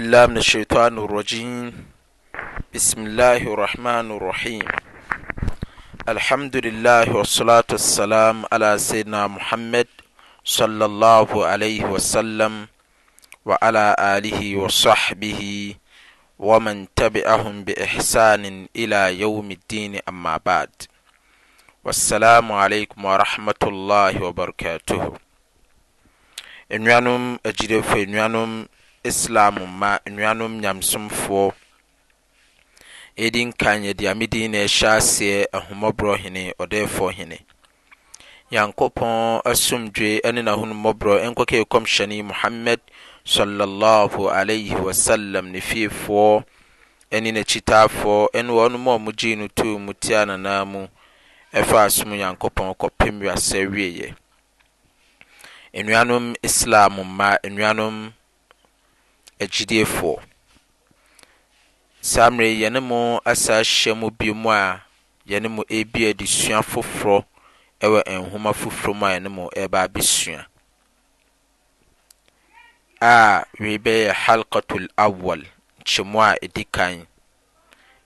بالله من الشيطان الرجيم بسم الله الرحمن الرحيم الحمد لله والصلاة والسلام على سيدنا محمد صلى الله عليه وسلم وعلى آله وصحبه ومن تبعهم بإحسان إلى يوم الدين أما بعد والسلام عليكم ورحمة الله وبركاته إنوانم أجرف إنوانم islam ma nnuanom nyamsomfoɔ ɛdi nkan yɛde amedin na ɛhyɛ aseɛ ahomɔborɔ hene ɔdɛɛfoɔ hene nyankopɔn asomdwe ne n'ahommɔborɔ ɛnkɔkɛ kɔmhyɛne muhammad sallallahu alayhi wasallam ne fiefoɔ ɛne n'akyitaafoɔ ɛne wɔn mu a wɔgyee no too mu tia nanaa mu ɛfa asom nyankopɔn kɔpem wiasɛ wieɛ nnuanom islam ma nnuanom agyidiefoɔ saa mmerɛ yɛne mo asa ahyia mu bi mu a yɛne mo adi sua foforɔ ɛwɔ nhoma foforɔ mu a yɛne mu ɛreba abɛsua a wei bɛyɛ halkatul awal nkyɛmu a ɛdi kan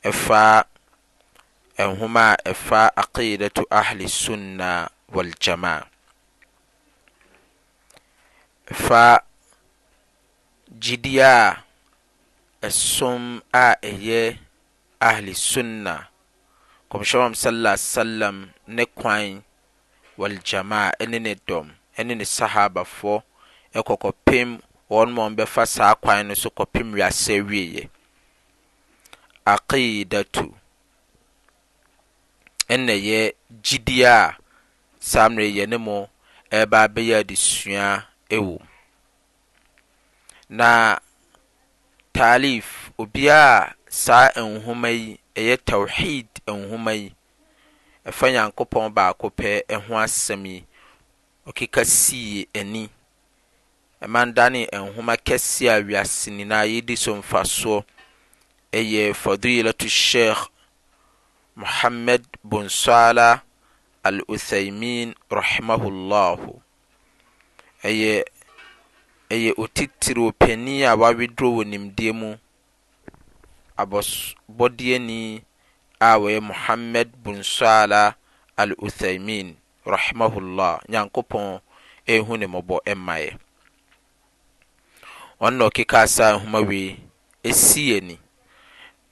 ɛfa nhoma a ɛfa aqidatu ahli sunna wal jamaa ɛfa gyidie a ɛsom a ɛyɛ ahli sunna kɔmhyɛn wam sallallahu alaihi wasallam ne kwan wal jamaa ɛne ne dɔm ɛne ne sahabafoɔ ɛkɔ kɔpem wɔn mu bɛfa saa kwan no so kɔpem wiase wieɛ aqidatu ɛna yɛ gyidie a saa mmerɛ yɛ ne mu ɛreba abɛyɛ adesua ɛwɔ na taalif obiaa saa anhoma yi ɛyɛ tawhid anhoma yi ɛfa nyankopɔn baako pɛ ho asɛm yi ɔkekasiyi ani man dane nhoma kɛsi awiase nyinaa yedi so mfasoɔ ɛyɛ fadilat shii muhamed bunsala aluthaimin rahimahullahyɛ ɛyɛ otitiri opanin a wawedurɔ wɔ nimdeɛ mu abɔs a wɔyɛ muhammad bunsala sala al uthaimin rahimahullah nyankopɔn ɛhu ne mmɔbɔ ɛmmaeɛ na ɔkeka asa nhoma wei ɛsi ani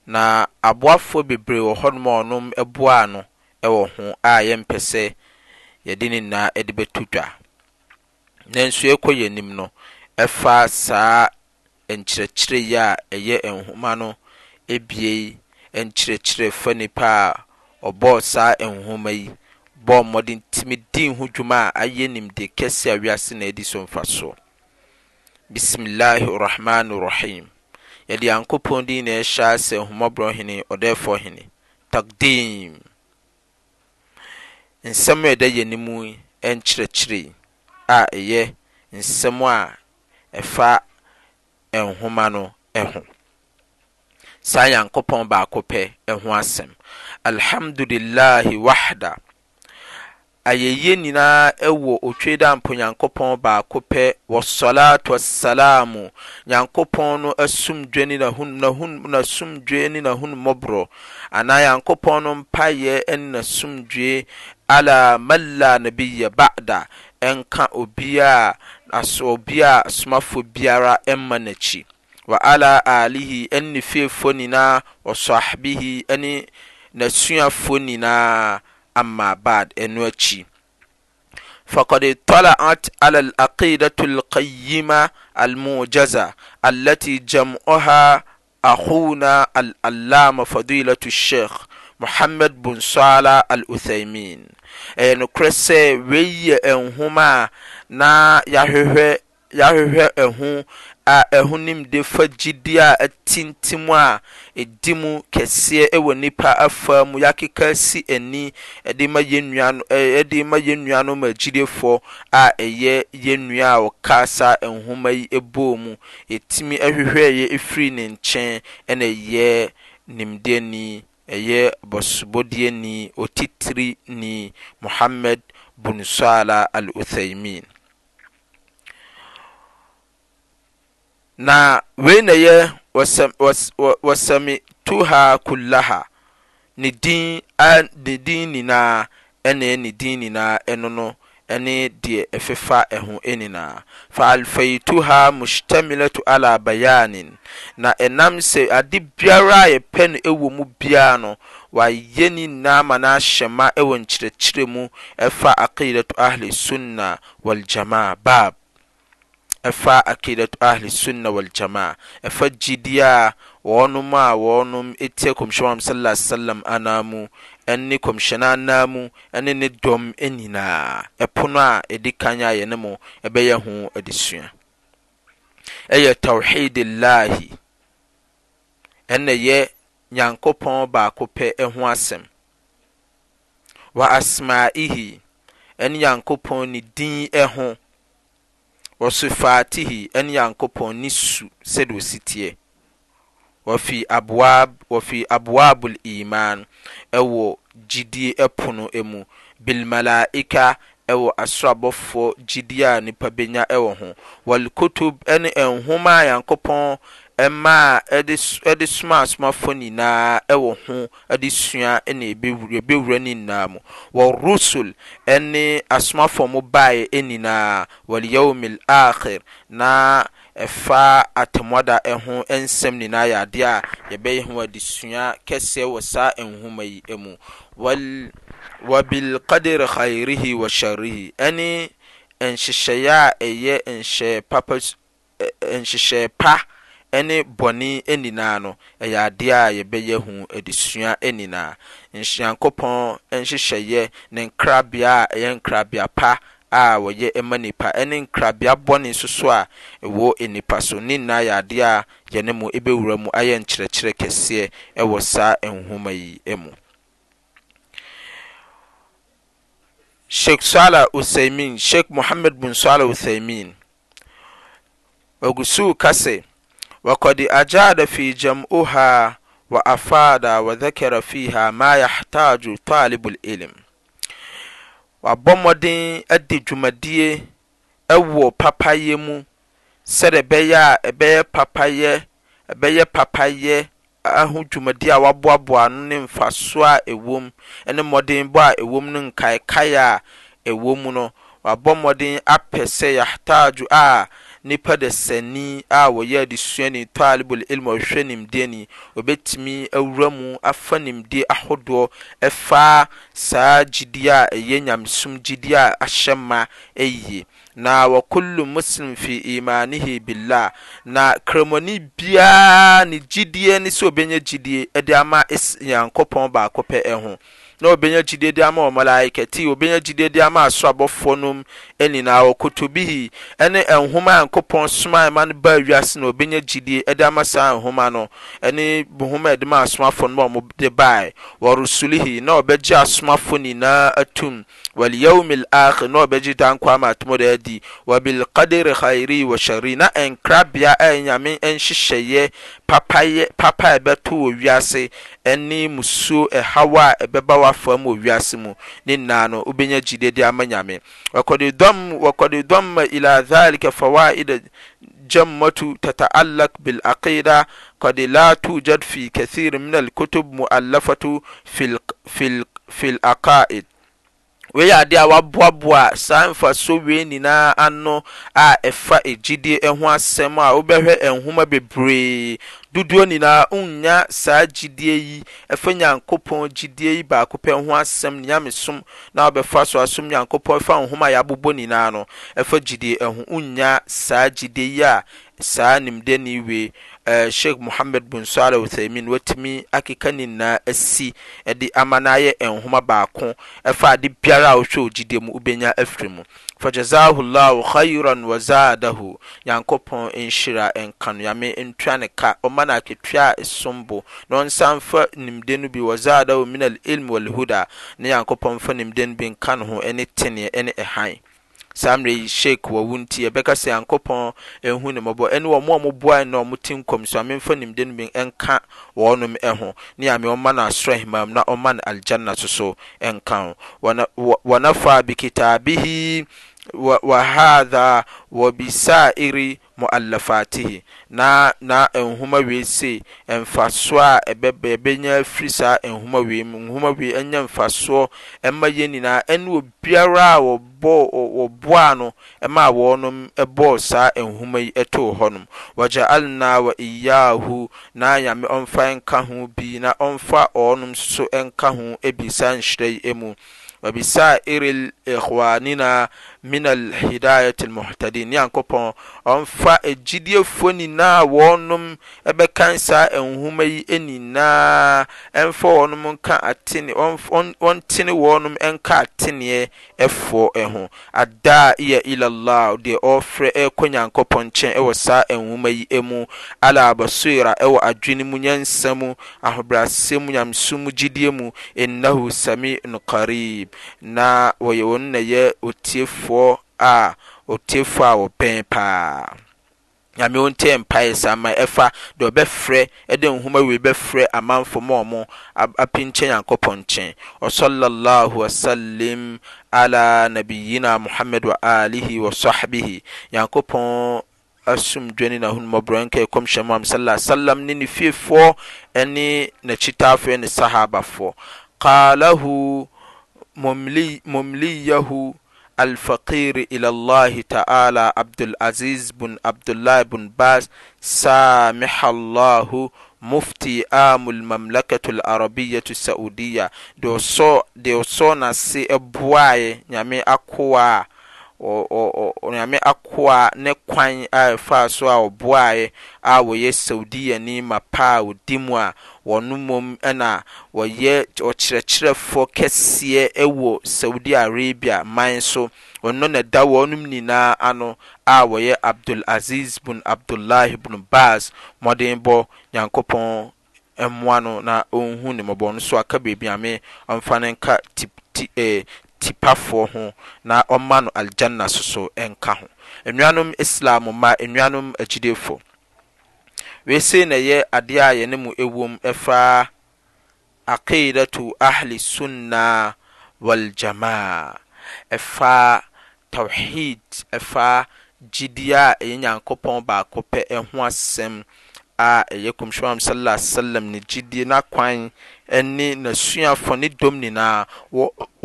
na aboafoɔ bebree wɔ hɔnom a ɔnom ɛboaa no ɛwɔ ho a yɛmpɛ sɛ yɛde ne nyinaa ɛde bɛto dwa nanso ɛkɔ yɛ anim no ɛfa saa nkyerɛkyerɛ yi a ɛyɛ anhoma no biei nkyerɛkyerɛ fa nnipa a ɔbɔɔ saa hohoma yi bɔɔ mmɔde ntimi dii ho dwuma a ayɛ nnimdeɛ kɛsi a wiase na adi so mfa soɔ bismilah rrohman rohim yɛde nyankopɔn di nina ɛhyɛa sɛ nhomɔborɔ hene ɔdɛ f hene tkdim nsm adnmnkyerɛkyerɛyiɛyɛ nsm ɛfa nhoma no ho saa nyankopɔn baako pɛ ho asɛm alhamdulillahi wahda ayɛyie nyinaa ɛwɔ otwe da mpo nyankopɔn baako pɛ wasalatu wassalamu nyankopɔn no asumdwe ne nasomdwe ne nahonmmɔborɔ anaa nyankopɔn no mpayɛ ne nasumdwe ala mala nabiya ba'da ɛnka obiaa ass fbr ni n fnia nsu fonia n ad al aiaة ayma amz alati m a a fadil h mhamd bnsala athimin nrs na yɛahwehwɛ yɛahwehwɛ ɛho a ɛho nimde fa gyidi a atintim a ɛdi mu kɛseɛ ɛwɔ nipa afa mu yakeka si ani ɛde ma yɛn nua no ɛde ma yɛn nua no ma gyidiefoɔ a ɛyɛ yɛn nua a ɔkasa nhoma yi ɛbɔɔ mu ɛtumi ɛhwehwɛ yɛ ɛfiri ne nkyɛn ɛna ɛyɛ nimdeɛ ni ɛyɛ bɔsobɔdeɛ ni otitiri ni muhammed bin sala al-uthaymin na wei na yɛ wɔsɛme tuha ha ne din ne din nyinaa ɛne ne din nyinaa ɛno no ɛne deɛ ɛfefa ɛho nyinaa fa alfaituha mustamilatu ala bayanin na ɛnam sɛ ade biara a yɛpɛ no ɛwɔ mu biara no wayɛ ne nyinaa ma no ahyɛ ma ɛwɔ nkyerɛkyerɛ mu ɛfa aqidatu ahli sunna waljamaa bab ɛfa akidat ahli sunna wal jamaa ɛfa gyidi a wɔnom a wɔnom etia kɔmhyɛn sallallahu alaihi wasallam mu. ɛne kɔmhyɛn anamu ɛne ne dɔm nyinaa ɛpono a ɛdi kan a yɛne mo ɛbɛyɛ ho adesua ɛyɛ llahi ɛna yɛ nyankopɔn baako pɛ ɛho asɛm wa asma'ihi ɛne nyankopɔn ne din ɛho wɔso faatihi ne nyankopɔn ne su sɛde ɔsiteɛ wɔfii aboabl iman ɛwɔ gyidie pono mu bilmalaica ɛwɔ asorabɔfoɔ gyidie a nnipa bɛnya wɔ ho walkutub ne nhoma a nyankopɔn ɛma a de soma asomafɔ nyinaa ɛwɔ ho adesua ne yɛbɛwura no nyinaa mu warusul ɛne asomafo mu baɛ e nyinaaa wyowme l aher na ɛfa atamɔda ɛho nsɛm nyinaa yɛ adeɛ a yɛbɛyɛ ho adesua kɛseɛ wɔ saa ɛnhoma yi mu wabilkadere irihi wahyarihi ɛne ɛnhyehyɛeɛ a ɛyɛ ɛnhyehyɛɛ pa ɛne bɔne aninaa no ɛyɛ adeɛ a yɛbɛyɛ hu adesua aninaa nyankopɔn nhyehyɛeɛ ne nkrabea a ɛyɛ nkrabea pa a wɔyɛ ma nnipa ɛne nkrabea bɔne soso a ɛwɔ nnipa so ne nnaa yɛ adeɛa yɛne mu bɛwura mu ayɛ nkyerɛkyerɛ kɛseɛ ɛwɔ saa ɛhohoma yi mu s muhamd b saa m wakd ajada fii jam'oha waafada wtakara fiha ma yahtaau taliblilim wabɔ mmɔden adi dwumadie wɔ papayɛ mu sɛde bɛyɛ a ɛbɛyɛ papay ɛbɛyɛ papayɛ aho dwumadie a waboaboa no ne mfa soɔ a ɛwom ne mmɔden bɔ a ɛwom no nkaekaeɛ a ɛwɔ mu no wabɔ mmɔden apɛ sɛ yahtaagye a nipa dasani a wɔyɛ adesuani talibul ilm ɔhwɛ nimdeɛni obɛtumi awura mu afa nimdeɛ ahodoɔ ɛfa saa gyidi a ɛyɛ nyamesom gyidi a ahyɛ ma ɛyie na wakulu muslim fi imanihi billah na kremoni biara ni gyidie ne sɛ obɛnya gyidie ɛde ama nyankopɔn baako pɛ ɛho na obɛnya gyidie de ama ɔ ma lika ti ɔbɛnya gyidie de ama aso abɔfoɔ nom anyinaa wɔ kotobihi ne nhom aankopɔn soma ɛma no ba wiase na ɔbɛnya gyidie de ama saa homa nonehoduasomafɔ nomde bae wrusolihi na ɔbɛgye asomafɔ nyinaa atum wayame laher na ɔbɛgye dankoamatomd adi wabilkadire hirii wasyarii na ɛnkrabea a nyame nhyehyɛyɛ papa abɛto wɔ wiase ne musuo ɛhaw a ɛbɛba wo fmwasm nن ubjamyame وقd ضم iلى ذلk فوائد جمة تتعlلق بالaقيدa kd lا توجد في كثيرi mن الكتuب mؤلفة في الaقائد wei yɛ adeɛ a waboaboa saa mfasoɔ wei nyinaa ano a ɛfa gyidie ho asɛm a wobɛhwɛ nhoma bebree dodoɔ nyinaa nnya saa gyidie yi ɛfa nyankopɔn gyidie yi baako pɛ ho asɛm nyame som na wobɛfa so asom nyankopɔn ɛfa nhoma a yɛabobɔ nyinaa no ɛfa gyidie ho nnya saa gyidie yi a saa nimdeni wei Eh, sheikh mohammed bin saleh uthaymin watumi akeka ne nyinaa asi eh, de ama no ayɛ eh, nhoma baako ɛfa ade biara a wohwɛ ogyidie mu wobɛnya afiri mu fajazahu llahu khairan wa zadahu nyankopɔn nhyira nka no yame ntua ne ka ɔma no aketua a ɛsom bo na ɔnsan fa nimde no bi wa zadahu min alilm walhuda ne nyankopɔn fa nimde no bi nka ne ho ne teneɛ ne ɛhan saa mmerɛ shiik wɔ wo nti ɛbɛkasɛ ankopɔn hu ne mbɔ ɛne wɔ moa moboana ɔ moti nkɔm so amemfa nimdeno bi ɛnka wɔɔnom ho ne ame ɔma no asrahimma m na ɔma no aljanna so so ɛnka ho wana fa bikitaabihi wɔhatha wɔ bisa ire mualafatehi nana nhoma wii se ɛmfasoɔ a bɛbɛnya firi saa nhoma wei mu nhoma wii ɛnya mfa soɔ ɛma yɛ nnyinaa ɛne wɔ biara a wɔ bo a no ɛma wɔɔnom ɛbɔɔ saa nhoma yi too hɔ nom wɔgjaalena wa iyaho na nyame ɔmfa nka ho bi na ɔmfa ɔɔnom so ɛnka ho abisa nhyerɛ yi mu wɔbisa iri lihwanina nhidaiat almuhtadin nyankopɔn ɔmfa egyidief nyinaa wɔnom bɛkan saa anhoma yi ninaa mfɔnɔntene wɔnom nka atene foɔ ho ada ia il deɛ ɔfrɛ rkɔ nyankopɔn nkyɛn wɔ saa anhoma yi mu alabsoira ɛwɔ adwene mu nyɛnsa mu ahobrɛsɛ m nyasu m gyidie mu innah samion karib tf awɔɛn paa name woti mpaɛ sa ama ɛfa de ɔbɛfrɛ ɛdɛ nhom a wii bɛfrɛ amanfommaɔ mo api nkyɛ nyankopɔn nkyɛn ɔs wsm nn mhamd sh nyankopɔn asomdaninahonumbrɔka ɛkɔmhyɛmu ams salam ne ne fiefoɔ ɛne n'akyitaafoɔ ne sahabafoɔ ala hommlah alfaqiri ilى llh taal abdazis b abdlah bn bas samh llh mufti amu lmamlkaة larabyaة لsauda deosonas bae yame aka onyame akoa ne kwan a ɛfaa so a ɔboaeɛ a wɔyɛ saudiani ma paa ɔdi mu a wɔno mmom ɛna wɔyɛ ɔkyerɛkyerɛfoɔ kɛseɛ ɛwɔ saudi arabia man so ɔno na da wɔnom nyinaa ano a wɔyɛ abdul aziz bun abdullahi bun bas mmɔden bɔ nyankopɔn mmoa no na ɔnhu ne mmɔbɔ no so aka baabi ame ɔmfa no nka ti ti ɛɛ eh, tipafoɔ ho na ɔma no aljanna soso ɛnka ho nnuanom islam ma nnuanom agidefo weisei na ɛyɛ adeɛ a yɛne mu ɛwom ɛfa akidato ahlessunna waljama ɛfa twhid ɛfa gyidie a ɛyɛ nyankopɔn baakɔ pɛ ho asɛm a ɛyɛ kɔmsmm sallah asalam ne gyidie na kwan ɛne nasuafo ne dɔm nyinaa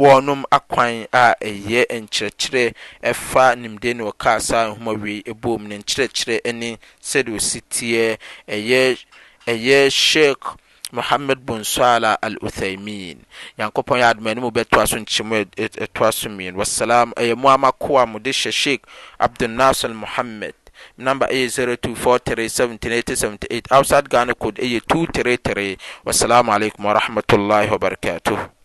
wɔnom akwan a ɛyɛ nkyerɛkyerɛ ɛfa nimde ne wɔkaa saa nhoma wei ɛbom ne nkyerɛkyerɛ ne sɛdeɛ osi teɛ ɛyɛ ɛyɛ sheikh muhammad bin sala al uthaymin nyankopɔn yɛ adoma anim bɛtoa so nkyɛmu ɛtoa so mmienu wasalam ɛyɛ mu amakoa mu de hyɛ sheikh abdulnasir Mohammed. nambe ay 02 4 3 7n 78 out sad gane kod eye 2 tre tre wassalamu aleykum warahmatuullahi wa barakatuh